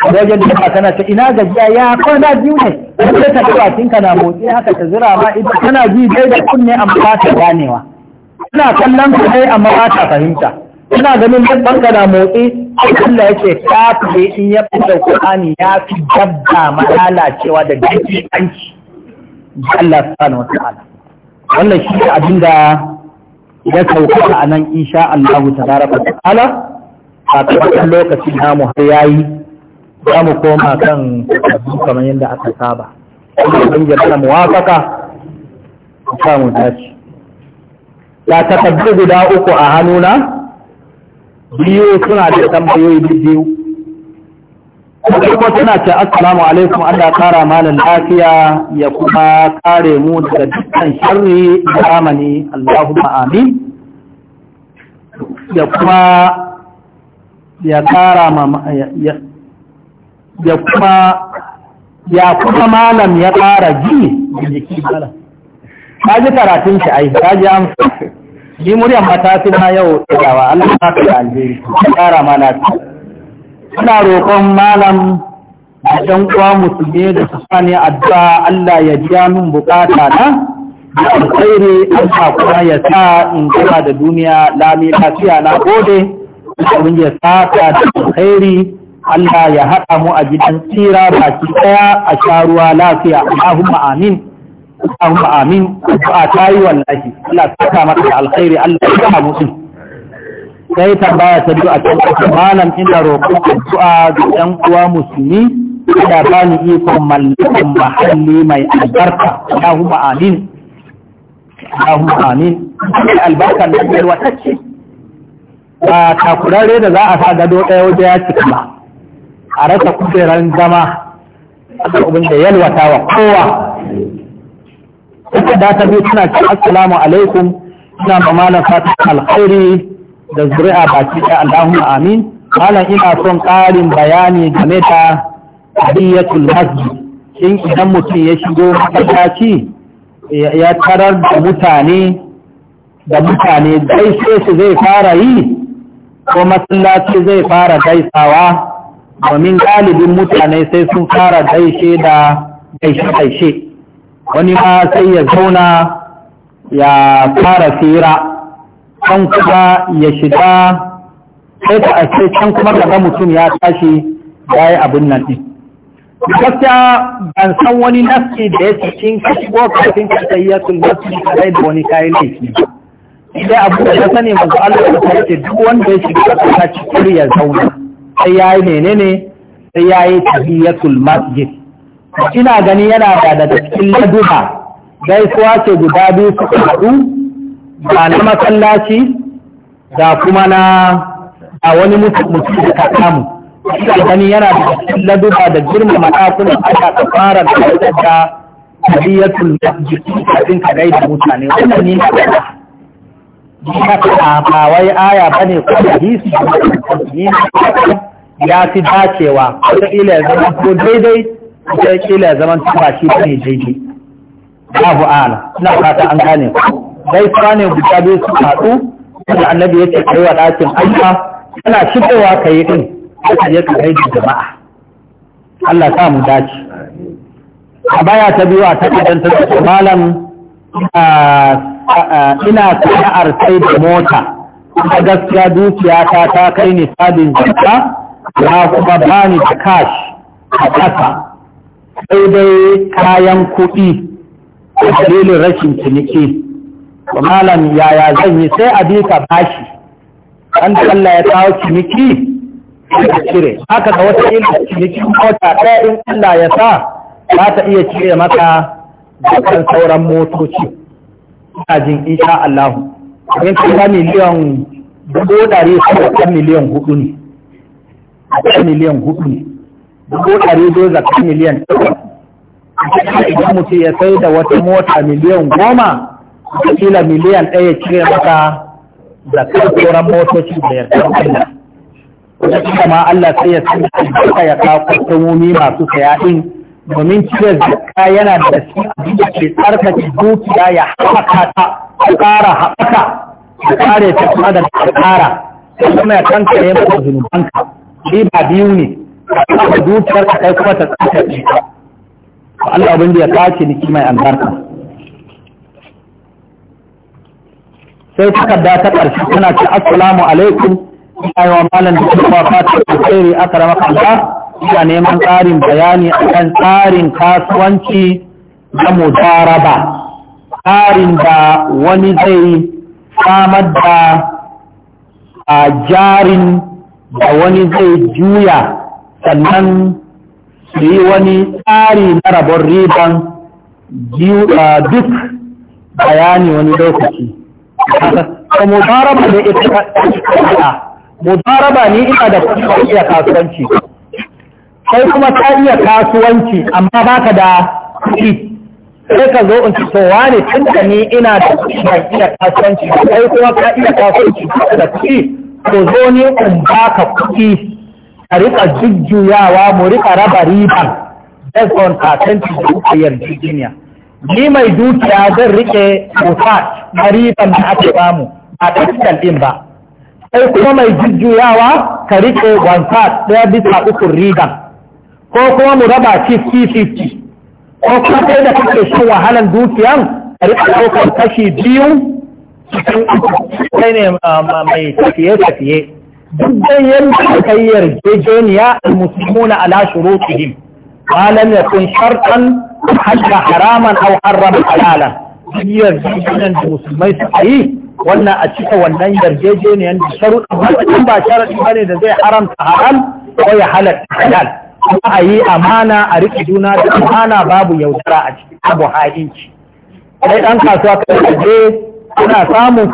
wajen da ba tana ta ina gajiya ya kwana biyu ne sai ta kawo tinka na motsi haka ta zira ma idan tana ji dai da kunne amma ba ta ganewa tana kallon ku dai amma ba ta fahimta ina ganin duk na motsi Allah ya ce kafire in ya da Qur'ani ya fi dabba malalacewa da dakikanci da Allah subhanahu wataala wannan shi ne abin da ya sauka a nan insha Allah tabaraka ta'ala a cikin lokacin namu har yayi za mu koma kan kamar yadda aka saba ƙungiyar ta muwafaka ta mu dace guda uku a hannuna biyu suna da tambayoyi biyu kuma suna ce assalamu alaikum Allah kara malam lafiya ya kuma kare mu daga dukkan sharri da amani Allahu amin ya kuma ya kara ma ya kuma ya kuma malam ya kara ji da jiki malam ka ji karatun shi ai ka ji amsa ni muryan mata suna yau tsayawa Allah ta da alheri tsara mana Suna roƙon malam da ɗan uwa musulmi da su sani addu'a Allah ya ji min bukata na da alkhairi Allah kuma ya sa in gama da duniya lami lafiya na gode abin ya saka da alkhairi Allah ya haɗa mu a gidan tsira baki ɗaya a sha ruwa lafiya Allahumma amin an amin a ta yi wallahi Allah saka maka da alkhairi Allah ya kama mutum sai ta baya ta biyu a cikin malam ina roƙon addu'a ga ɗan uwa musulmi da ba ni ikon mallakan mahalli mai albarka Allahumma amin Allahumma amin albarka na biyar wata ce ba takurare da za a sa gado ɗaya waje ya cika ba a rasa kujeran zama Allah ubin da yalwata wa kowa kuma da ta biyu tana ce assalamu alaikum ina ma malam fatan alkhairi da zuri'a baki da amin malam ina son ƙarin bayani game da hadiyatul masjid shin idan mutum ya shigo masallaci ya tarar da mutane da mutane gaishe su zai fara yi ko masallaci zai fara gaisawa domin galibin mutane sai sun fara gaishe da gaishe-gaishe wani ma sai ya zauna ya fara fira can kuma ya shiga sai ta ashe can kuma daga mutum ya tashi ya yi abin nan ɗin gaskiya ban san wani nafsi da ya cikin kashi ko kafin ka sai ya a kadai da wani kayan laifi sai abu da sani mazu Allah ta ce duk wanda ya shiga ka cikin ya zauna sai ya yi menene sai ya yi tahiyatul masjid ina gani yana da daga cikin laduba gaisuwa ce guda biyu suka haɗu ba na masallaci da kuma na a wani mutum da ta samu ina gani yana da cikin laduba da girmama ɗakunan a ka fara da wajen da tabiyatul masjid kafin ka gaida mutane wannan ne haka ba wai aya ba ne ko da ne, ya fi dacewa ko ila ya zama ko daidai sai kila ya zama tuba shi ne daidai babu ala ina fata an gane dai fara ne guda biyu su haɗu da annabi ce kai wa ɗakin aika kana shigowa ka yi ɗin ka je ka kai da jama'a Allah sa mu dace a baya ta biyu a takardar ta ce malam ina sana'ar sai da mota A gaskiya dukiya ta ta kai ni sabin zakka na kuma bani da kash a ƙasa sai dai kayan kuɗi a dalilin rashin ciniki to malam yaya zan yi sai a bika bashi an Allah ya kawo ciniki ya cire haka da wata ilmi cinikin mota ɗaya in Allah ya sa za ta iya cire maka dukkan sauran motoci ina jin insha Allah in kuma miliyan dubu ɗari sai miliyan hudu ne miliyan hudu ne dubu ɗari biyu zakka miliyan ɗaya idan mutum ya sai da wata mota miliyan goma kila miliyan ɗaya cire maka zakar sauran motoci da yarda Allah wata ma Allah sai ya sanya albarka ya kawo kwastomomi masu saya domin cire zakka yana da shi abin da ke tsarkake dukiya ya haɓaka ta ƙara haɓaka ta ƙare ta kuma da ta ƙara kuma ya kanka ya mutu zunubanka ba biyu ne sai dukiyar ka kai da sai takarda ta ƙarshe tana ce assalamu alaikum ina yi wa malam da kuma fata da tsere aka rama kanta ina neman tsarin bayani akan tsarin kasuwanci na ba tsarin da wani zai samar da a jarin da wani zai juya sannan su yi wani tsari na rabon riban duk bayani wani lokaci ta mubaraba ne ita mubaraba ne ina da kuma iya kasuwanci sai kuma ta iya kasuwanci amma ba ka da kuɗi sai ka zo in fitowa ne tun da ni ina da kuɗi ba iya kasuwanci sai kuma ka iya kasuwanci da kuɗi ko zo ne in ba ka kuɗi a rika jujjuyawa mu rika raba riban based on percentage da kuka jiniya. ni mai dukiya zan rike kusa na riban da ake bamu a tattal din ba sai kuma mai jujjuyawa ka rike wansa ɗaya bisa uku riban ko kuma mu raba 50-50 ko kuma sai da kake shan wahalan dukiyan ka rika ɗaukar kashi biyu cikin uku sai ne ah, mai tafiye-tafiye duk da yanda aka yi yarjejeniya al-muslimuna ala shurutihim ma lam yakun shartan hadda haraman aw harrama halalan duk yarjejeniyan da musulmai suka yi wannan a cika wannan yarjejeniyan da sharuɗin wannan ba sharaɗi ne da zai haramta halal ko ya halatta halal kuma a yi amana a riƙe juna da amana babu yaudara a cikin abu ha'inci sai ɗan kasuwa kai je ana samun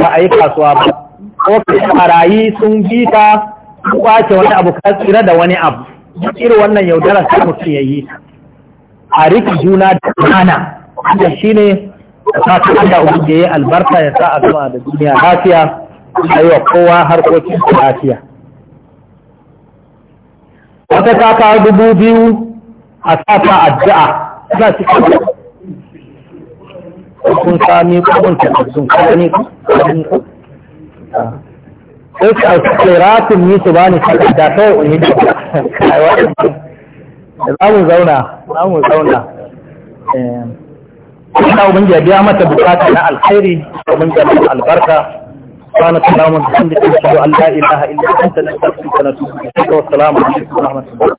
ba a yi kasuwa ba ofis marayi sun bi ta kwace wani abu ka da wani abu iri wannan yaudara sai mutum ya yi a riki juna da mana wanda shi ne da fata Allah da ya yi albarka ya sa a gama da duniya lafiya a yi wa kowa harkokin lafiya wata ta dubu biyu a sata addu'a za su kun sami kun tattattun kan ne ko ki auki ni su bani kawai da kawai unyi da kawai da za mu zauna za mu zauna kuma abin da mata bukata na alkhairi abin da mata albarka sana salamun da sun da allah ilaha illa kanta na tafi kana tuku da kawai salamun da kusuru